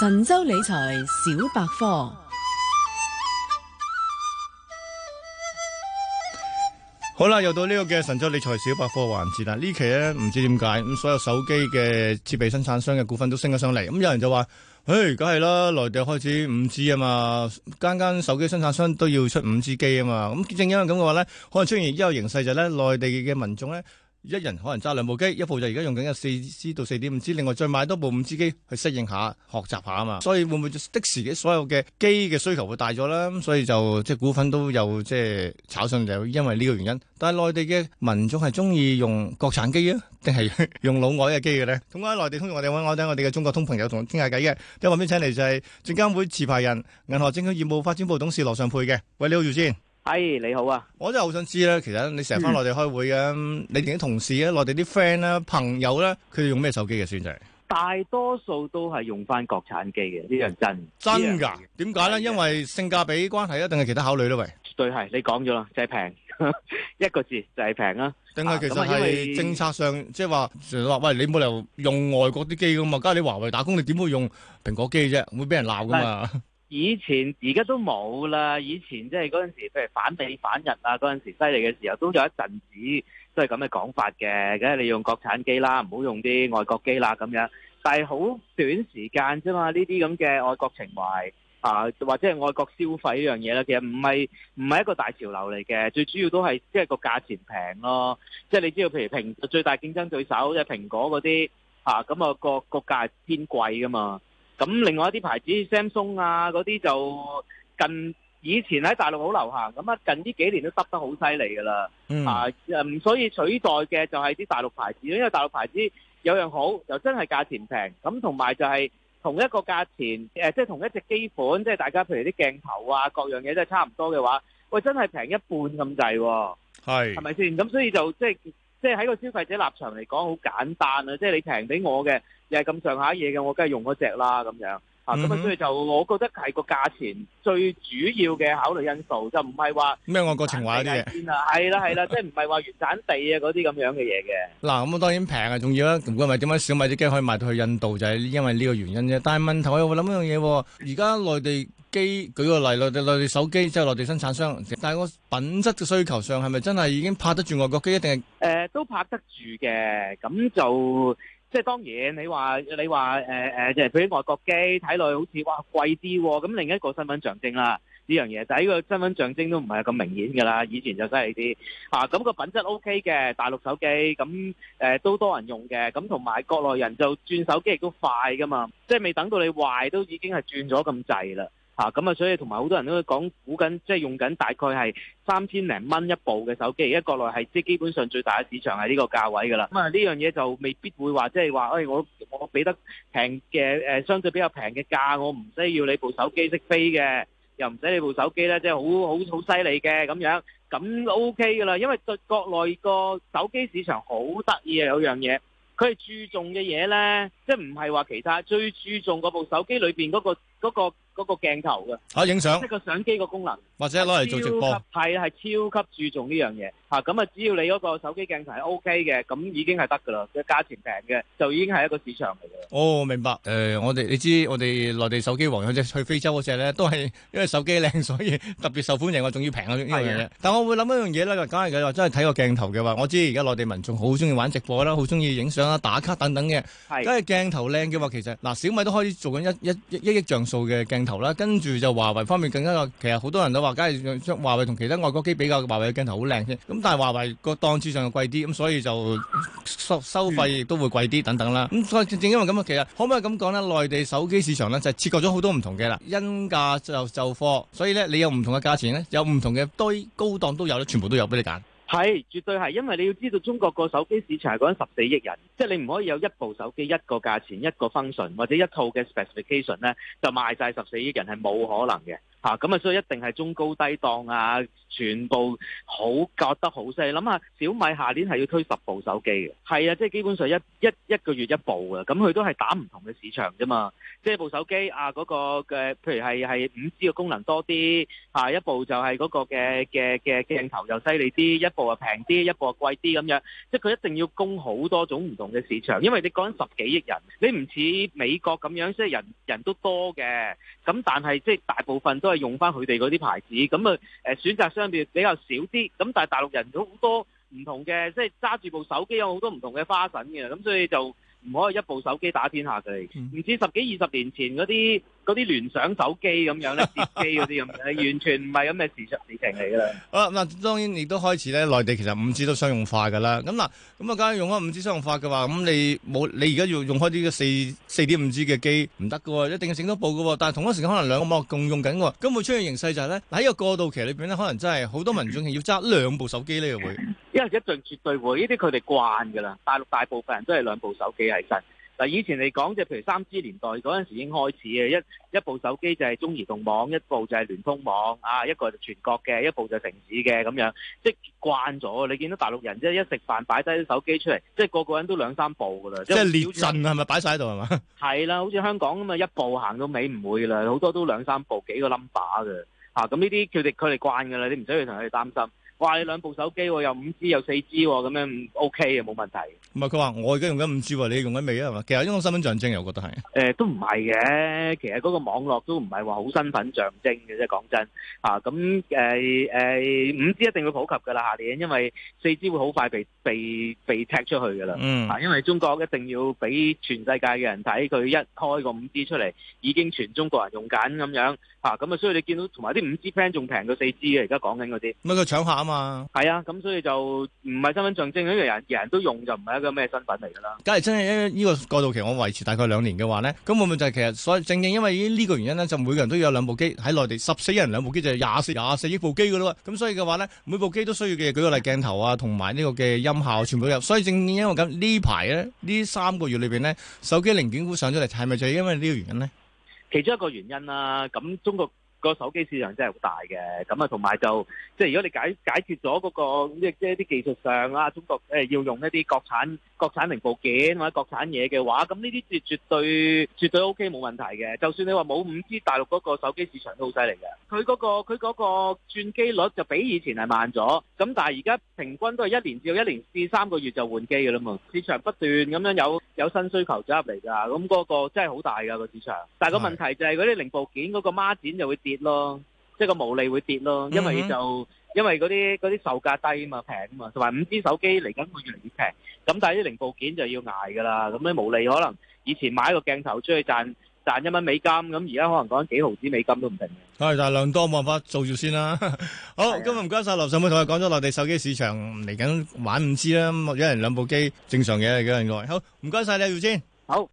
神州理財小百科，好啦，又到呢個嘅神州理財小百科環節啦。期呢期咧唔知點解咁，所有手機嘅設備生產商嘅股份都升咗上嚟。咁、嗯、有人就話：，誒，梗係啦，內地開始五 G 啊嘛，間間手機生產商都要出五 G 機啊嘛。咁正因為咁嘅話咧，可能出現而家個形勢就係咧，內地嘅民眾咧。一人可能揸兩部機，一部就而家用緊有四 G 到四點五 G，另外再買多部五 G 機去適應下、學習下啊嘛，所以會唔會即時嘅所有嘅機嘅需求會大咗啦？咁所以就即係股份都有即係炒上，就因為呢個原因。但係內地嘅民眾係中意用國產機啊，定係用老外嘅機嘅咧？咁啊，內地通用，我哋揾我哋，我哋嘅中國通朋友同傾下偈嘅。今日邊請嚟就係證監會持牌人、銀河證券業務發展部董事羅尚沛嘅。喂，你好，余先。係、hey，你好啊！我真係好想知咧，其實你成日翻內地開會嘅，嗯、你哋啲同事咧、內地啲 friend 咧、朋友咧，佢哋用咩手機嘅先？就係大多數都係用翻國產機嘅，嗯、呢樣真真噶？點解咧？因為性價比關係啊，定係其他考慮咧？喂，絕對係，你講咗啦，就係、是、平 一個字，就係平啊。定係，其實係政策上，即係話，話喂，你冇理由用外國啲機噶嘛？家你華為打工，你點會用蘋果機啫？會俾人鬧噶嘛？以前而家都冇啦，以前即係嗰陣時，譬如反美反日啊，嗰陣時犀利嘅時候，都有一陣子都係咁嘅講法嘅。梗係，你用國產機啦，唔好用啲外國機啦，咁樣。但係好短時間啫嘛，呢啲咁嘅愛國情懷啊，或者係愛國消費呢樣嘢咧，其實唔係唔係一個大潮流嚟嘅。最主要都係即係個價錢平咯，即係你知道，譬如蘋最大競爭對手即係蘋果嗰啲啊，咁啊個個價偏貴噶嘛。咁另外一啲牌子，Samsung 啊嗰啲就近以前喺大陸好流行，咁啊近呢幾年都得得好犀利噶啦，啊、嗯呃，所以取代嘅就係啲大陸牌子，因為大陸牌子有樣好又真係價錢平，咁同埋就係同一個價錢，誒、呃、即係同一隻機款，即係大家譬如啲鏡頭啊各樣嘢，都係差唔多嘅話，喂真係平一半咁滯喎，係是，係咪先？咁所以就即係。即係喺個消費者立場嚟講，好簡單啊！即係你平俾我嘅，又係咁上下嘢嘅，我梗係用嗰隻啦咁樣。咁啊，所以就我覺得係個價錢最主要嘅考慮因素，就唔係話咩外國情懷嘅，係啦係啦，即係唔係話原產地啊嗰啲咁樣嘅嘢嘅。嗱，咁啊當然平啊重要啦，咁佢係點解，小米啲機可以賣到去印度，就係因為呢個原因啫。但係問題我又諗一樣嘢，而家內地機舉個例，內地內地手機即係內地生產商，但係個品質嘅需求上係咪真係已經拍得住外國機？一定係誒都拍得住嘅，咁就。即係當然，你，你話你話誒誒，即係佢啲外國機睇落去好似哇貴啲喎、啊，咁另一個身份象徵啦、啊、呢樣嘢，就係、是、呢個身份象徵都唔係咁明顯㗎啦，以前就真係啲嚇咁個品質 OK 嘅大陸手機，咁誒、呃、都多人用嘅，咁同埋國內人就轉手機亦都快㗎嘛，即係未等到你壞都已經係轉咗咁滯啦。啊，咁啊，所以同埋好多人都會講估緊，即係用緊大概係三千零蚊一部嘅手機，而家國內係即係基本上最大嘅市場係呢個價位噶啦。咁啊，呢樣嘢就未必會話即係話，誒我我俾得平嘅誒相對比較平嘅價，我唔需要你部手機識飛嘅，又唔使你部手機咧，即係好好好犀利嘅咁樣，咁 O K 噶啦。因為對國內個手機市場好得意啊，有樣嘢，佢係注重嘅嘢咧，即係唔係話其他，最注重嗰部手機裏邊嗰個嗰個。嗰個鏡頭嘅，啊影相，即係個相機個功能，或者攞嚟做直播，係啊係超級注重呢樣嘢。嚇咁啊！只要你嗰個手機鏡頭係 OK 嘅，咁已經係得噶啦。個價錢平嘅，就已經係一個市場嚟嘅。哦，明白。誒、呃，我哋你知我哋內地手機王嗰隻去非洲嗰隻咧，都係因為手機靚，所以特別受歡迎。我仲要平啊呢樣嘢。係。但係我會諗一樣嘢咧，就梗係佢話真係睇個鏡頭嘅話，我知而家內地民眾好中意玩直播啦，好中意影相啦、打卡等等嘅。係。梗係鏡頭靚嘅話，其實嗱，小米都可以做緊一一一,一億像素嘅鏡頭啦。跟住就華為方面更加其實好多人都話，梗係將華為同其他外國機比較，華為嘅鏡頭好靚先但係華為個檔次上又貴啲，咁所以就收收費亦都會貴啲等等啦。咁所以正正因為咁啊，其實可唔可以咁講咧？內地手機市場咧就係切割咗好多唔同嘅啦，因價就售貨，所以咧你有唔同嘅價錢咧，有唔同嘅堆高檔都有，全部都有俾你揀。係絕對係，因為你要知道中國個手機市場係講緊十四億人，即係你唔可以有一部手機一個價錢一個 function 或者一套嘅 specification 咧，就賣晒十四億人係冇可能嘅。嚇咁啊！所以一定係中高低檔啊，全部好覺得好犀利。諗下小米下年係要推十部手機嘅，係啊，即係基本上一一一個月一部嘅。咁佢都係打唔同嘅市場啫嘛。即係部手機啊，嗰個嘅譬如係係五 G 嘅功能多啲，啊一部就係嗰個嘅嘅嘅鏡頭又犀利啲，一部啊平啲，一部啊貴啲咁樣。即係佢一定要供好多種唔同嘅市場，因為你講緊十幾億人，你唔似美國咁樣，即係人人都多嘅。咁但係即係大部分都。用翻佢哋嗰啲牌子，咁啊誒選擇相對比較少啲，咁但係大陸人有好多唔同嘅，即係揸住部手機有好多唔同嘅花臣嘅，咁所以就。唔可以一部手機打天下嘅，唔知十幾二十年前嗰啲啲聯想手機咁樣咧，跌機嗰啲咁，係完全唔係咁嘅時尚時情嚟嘅啦。 好啦，嗱當然亦都開始咧，內地其實五 G 都商用化嘅啦。咁嗱，咁啊，梗係用開五 G 商用化嘅話，咁你冇你而家用用開啲四四點五 G 嘅機唔得嘅喎，一定要整多部嘅喎。但係同一時間可能兩個模共用緊喎，咁會出現形勢就係咧，喺個過渡期裏邊咧，可能真係好多民眾係要揸兩部手機咧，會。 因為一陣絕對會，呢啲佢哋慣噶啦。大陸大部分人都係兩部手機係震。嗱，以前嚟講就譬如三 G 年代嗰陣時已經開始嘅，一一部手機就係中移動網，一部就係聯通網，啊，一個就全國嘅，一部就係城市嘅咁樣，即係慣咗。你見到大陸人即係一食飯擺低啲手機出嚟，即係個個人都兩三部噶啦。即係連震係咪擺晒喺度係嘛？係啦，好似香港咁啊，一部行到尾唔會噶啦，好多都兩三部，幾個 number 㗎。吓，咁呢啲佢哋佢哋慣噶啦，你唔使去同佢哋擔心。哇！你兩部手機喎，又五 G 又四 G 喎，咁樣 O K 嘅，冇問題。唔係佢話我而家用緊五 G 喎，你用緊未啊？其實因為身份象徵，我覺得係誒、呃、都唔係嘅。其實嗰個網絡都唔係話好身份象徵嘅，啫，即係講真嚇咁誒誒。呃呃、五 G 一定會普及㗎啦，下年因為四 G 會好快被被被被踢出去㗎啦。嗯，啊，因為中國一定要俾全世界嘅人睇，佢一開個五 G 出嚟已經全中國人用緊咁樣嚇咁啊！啊，所以你見到同埋啲五 G plan 仲平過四 G 嘅，而家講緊嗰啲。咪佢搶客嘛，係啊，咁所以就唔係身份證證嗰啲人，人人都用就唔係一個咩身份嚟噶啦。假如真係因為呢個過渡期我維持大概兩年嘅話咧，咁會唔會就係其實所以正正因為呢個原因咧，就每個人都要有兩部機喺內地十四億人兩部機就廿四廿四億部機噶啦，咁所以嘅話咧，每部機都需要嘅舉個例鏡頭啊，同埋呢個嘅音效全部都有。所以正正因為咁呢排咧呢三個月裏邊咧，手機零件股上咗嚟，係咪就係因為呢個原因咧？其中一個原因啦，啊，咁中國。個手機市場真係好大嘅，咁啊，同埋就即係如果你解解決咗嗰個即係即係啲技術上啦，中國誒要用一啲國產國產零部件或者國產嘢嘅話，咁呢啲係絕對絕對 OK 冇問題嘅。就算你話冇五 G，大陸嗰個手機市場都好犀利嘅。佢嗰個佢嗰個轉機率就比以前係慢咗，咁但係而家平均都係一年至到一年至三個月就換機㗎啦嘛。市場不斷咁樣有有新需求走入嚟㗎，咁嗰個真係好大㗎個市場。但係個問題就係嗰啲零部件嗰個孖展就會跌咯，即係個毛利會跌咯，因為就因為嗰啲嗰啲售價低啊嘛，平啊嘛，同埋五 G 手機嚟緊會越嚟越平，咁但係啲零部件就要捱㗎啦，咁樣毛利可能以前買一個鏡頭出去賺。賺一蚊美金，咁而家可能講幾毫子美金都唔定嘅。係，但係量多冇辦法做住先啦。 好，的今日唔該晒劉尚沛同我講咗內地手機市場嚟緊玩唔知啦。一人兩部機正常嘅，一個人愛。好，唔該晒你，姚堅。好。